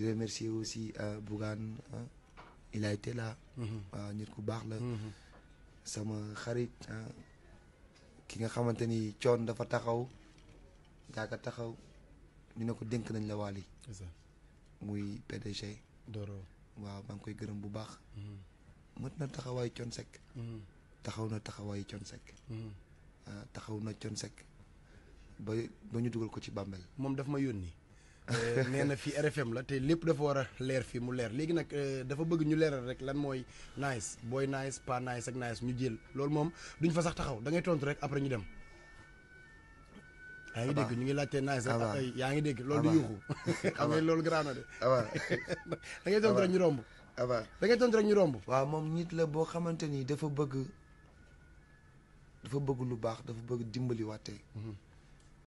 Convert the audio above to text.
di remercier aussi euh, Bougane hein. il a été là. Mhm. waaw nit ku baax la. Mhm. sama xarit hein. ki nga xamanteni tion dafa taxaw jaaka taxaw ñu ne ko dénk nañ la Wally muy PDG. Doro waaw maa ngi koy gërëm bu baax. Mhm. mët na taxaway tion sec. taxaw na taxaway tion sec. taxaw na tion sec ba bañu duggal ko ci bambel mom daf ma yoni Euh, nee na fii RFM la te lépp dafa war a leer fii mu leer léegi nag euh, dafa bëgg ñu leeral rek lan mooy nice booy nice pas nice ak nice ñu jël loolu moom duñ fa sax taxaw dangay tontu rek après ñu dem. yaa ngi dégg ñu ngi laajte nice yaa ngi dégg loolu du yuuxu. loolu garaaw na de. da tontu rek ñu romb. da tontu rek ñu romb. waaw moom nit la boo xamante nii dafa bëgg dafa bëgg lu baax dafa bëgg dimbali waatee. Mhm.